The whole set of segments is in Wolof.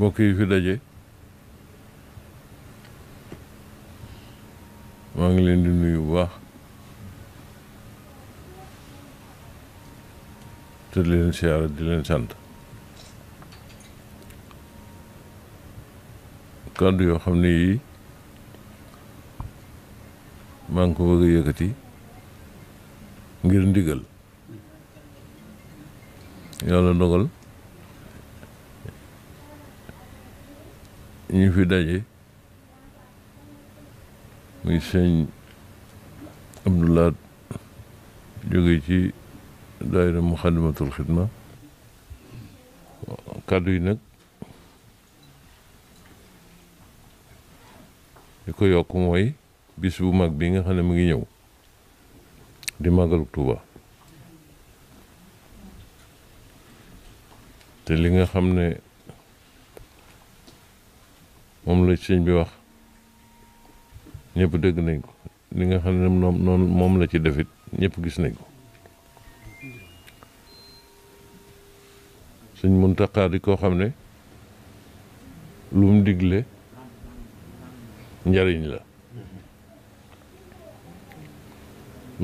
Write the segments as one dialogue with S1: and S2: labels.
S1: mbokk yi fi daje maa ngi leen di nuyu bu te di leen siyaara di leen sant kàddu yoo xam ne yii maa ngi ko bëgg a ngir ndigal yàlla dogal ñu fi daje muy sëñ Abdoulaat jóge ci daayira Muxaddamatul Xidma kàddu yi nag li ko yokk mooy bis bu mag bi nga xam ne mu ngi ñëw di màggalu Tuuba te li nga xam ne moom la sëñ bi wax ñépp dëgg nañ ko li nga xam ne moom noonu moom la ci defit ñëpp gis nañ ko sëñ Muntaxa di koo xam ne lu mu digle njariñ la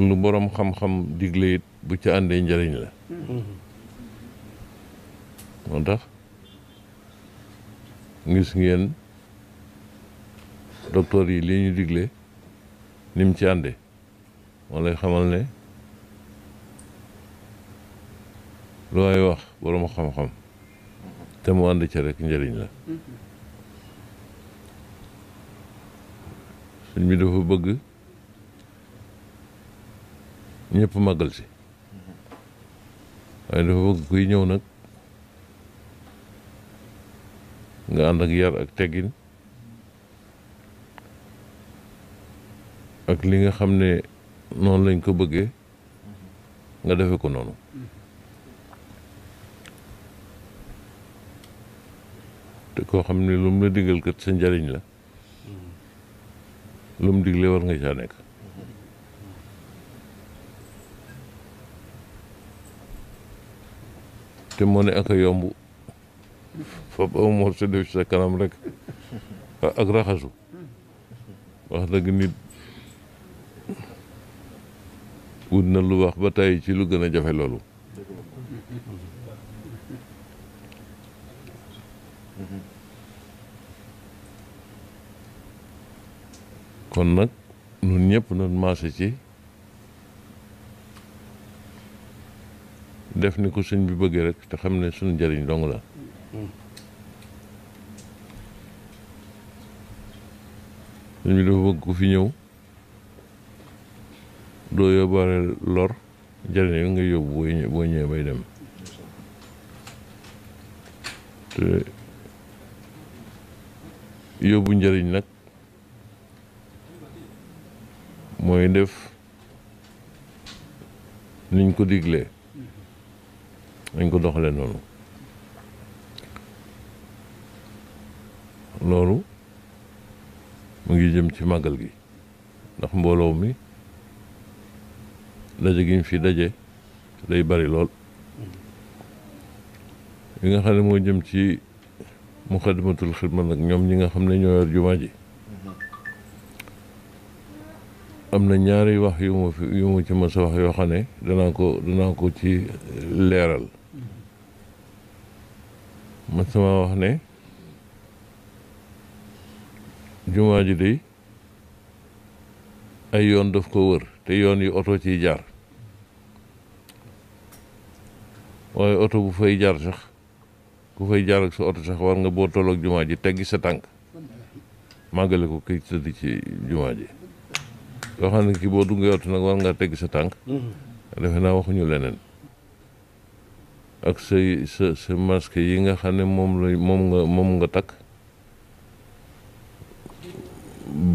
S1: lu boroom xam-xam digle bu ci àndee njariñ la moo tax gis ngeen docteur yii lii ñu digle ni ci ànde moo lay xamal ne lu may wax borom xam-xam te mu ànd ci rek njëriñ la sëñ bi dafa bëgg ñëpp màggal si waaye dafa bëgg kuy ñëw nag nga ànd ak yar ak teggin ak li nga xam ne noonu lañ ko bëggee mm-hmm. nga defe ko noonu mm-hmm. te koo xam ne lu mu la digal kat sa njariñ la mm-hmm. lu mu digle war nga caa nekk te moo ne ak a yomb fab aw morceau def sa kanam rek ak raxasu wax dëgg nit wut na lu wax ba tey ci lu gën a jafe loolu kon nag ñun ñëpp nañ marché ci def ni ko suñ bi bëggee rek te xam ne suñu njëriñ dong la suñ bi dafa bëgg ku fi ñëw doo yóbbaale lor jariñ yi nga yóbbu boo ñëwee bay dem te yóbbu njariñ nag mooy def niñ ko digle dañ ko doxale noonu loolu mu ngi jëm ci màggal gi ndax mbooloo mi daje gi ñu fi daje day bari lool li nga xam ne moo jëm ci muxaddamatul xidma nag ñoom ñi nga xam ne ñoo yor jumaa ji am na ñaari wax yu ma fi yu ma ci mës a wax yoo xam ne danaa ko danaa ko ci leeral ma sama wax ne jumaa ji day ay yoon daf ko wër te yoon yi oto ciy jaar waaye oto bu fay jaar sax ku fay jaar ak sa oto sax war nga boo tolloog jumaa ji teggi sa tànk màggale ko kii tëdd ci jumaa ji yoo xam ne kii boo duggee oto nag war ngaa teggi sa tànk mm-hmm. defe naa waxuñu leneen ak say sa sa yi nga xam ne moom la nga takk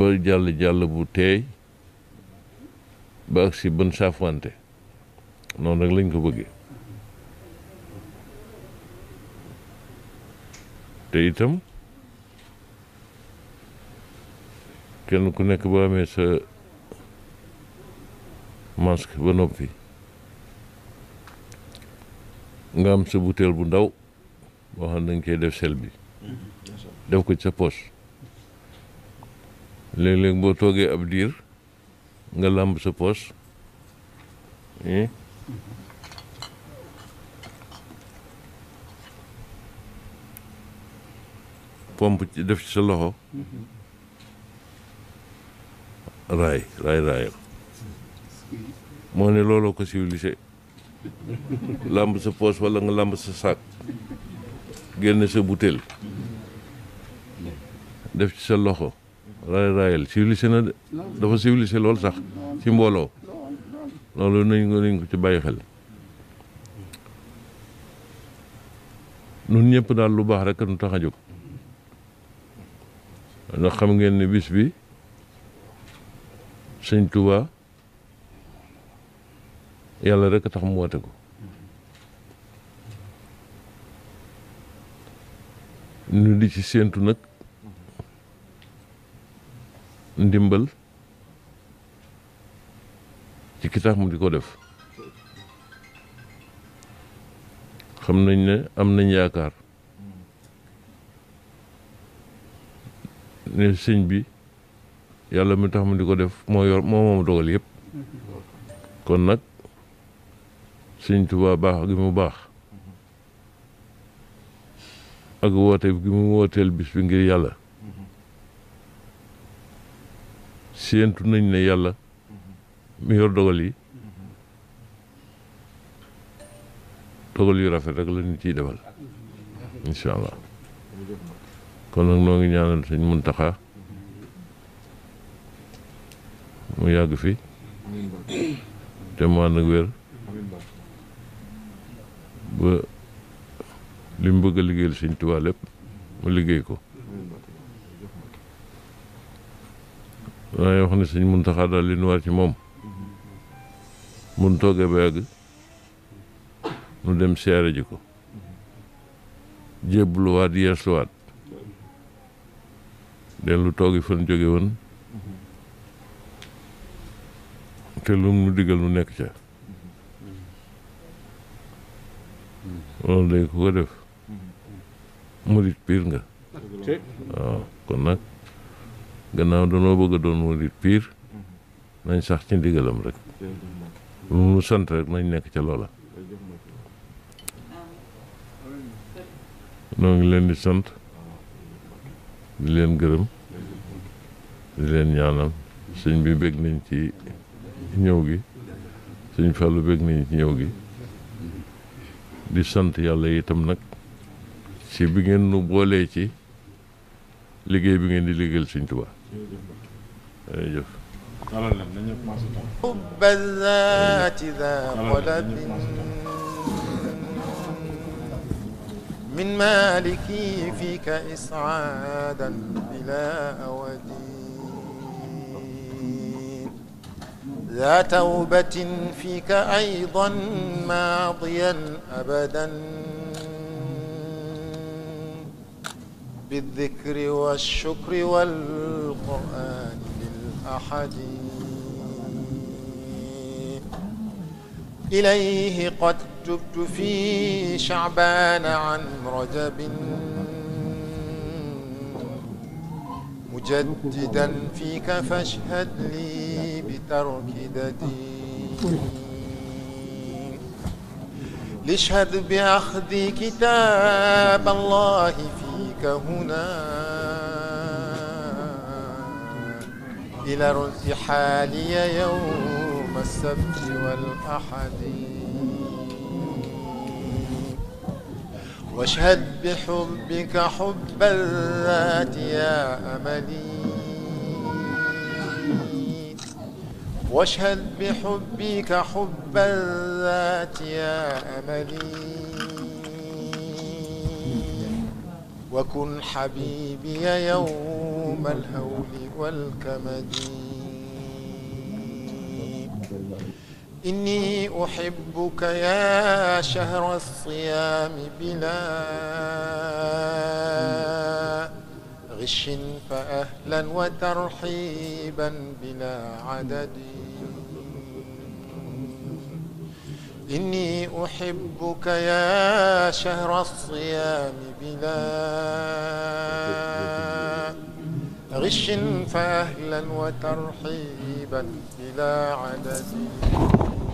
S1: ba jàll jàll bu teey ba ak si bën saafwante noonu rek lañ ko bëggee te itam kenn ku nekk boo amee sa masque ba noppi nga am sa butéel bu ndaw boo xam ne dañ koy def sel bi def ko ci sa poche léeg-léeg boo toogee ab diir nga làmb sa poche pomp ci def ci sa loxo raay raay raayam moo ne looloo ko civilisé làmb sa poos walla nga làmb sa saak génne sa butéel def ci sa loxo raay raayal civilisé na de dafa civilisé lool sax ci mbooloo loolu nañ ko nañ ko ci bàyyi xel nun ñëpp daal lu baax rekk nu tax a jóg ndax xam ngeen ni bis bi sëñ Touba yàlla rek a tax mu woote ko ñu di ci séentu nag ndimbal ci ki mu di ko def xam nañ ne am nañ yaakaar ne sëñ bi yàlla mu tax mu di ko def moo yor moo moom dogal yëpp kon nag sëñ Tuubaa baax gi mu baax ak woote gi mu wooteel bis bi ngir yàlla séentu nañ ne yàlla mi yor dogal yi dogal yu rafet rek la ñu ciy defal incha kon nag noo ngi ñaanal sëñ Muntaxa mu yàgg fi te mu ànd ak wér ba li bëgg a liggéey sëñ Tuubaa lépp mu liggéey ko waaye wax ne sëñ Muntaxa daal li nu war ci moom mun toogee ba yàgg nu dem siyaare ji ko jébbaluwaat yeesluwaat dellu toogi fan jóge woon te lu mu digal mu nekk ca loolu day ku ko def murit piir nga waaw kon nag gannaaw danoo bëgg a doon murit piir nañ sax ci ndigalam rek lu mu sant rek nañ nekk ca loola noo leen di sant leen gërëm di leen ñaanal sëñ bi bég nañ ci ñëw gi sëñ Fallou bég nañ ci ñëw gi di sant yàlla itam nag ci bi ngeen nu boolee ci liggéey bi ngeen di liggéeyal sëñ Tuubaa jërëjëf
S2: talal leen nañu commencé من مالكي فيك إسعادا بلا أودين ذا توبة فيك أيضا ماضيا أبدا بالذكر والشكر والقرآن بالأحد إليه قد تبت في شعبان عن رجب مجددا فيك فاشهد لي بترك ددين لاشهد بأخذ كتاب الله فيك هنا إلى ارتحالي يوم السبت والأحد واشهد بحبك حبا ذات يا أملي واشهد بحبك حبا ذات يا أملي وكن حبيبي يوم الهول والكمد إني أحبك يا شهر الصيام بلا غش فأهلا وترحيبا بلا عدد إني أحبك يا شهر الصيام بلا غش فأهلا وترحيبا بلا عدد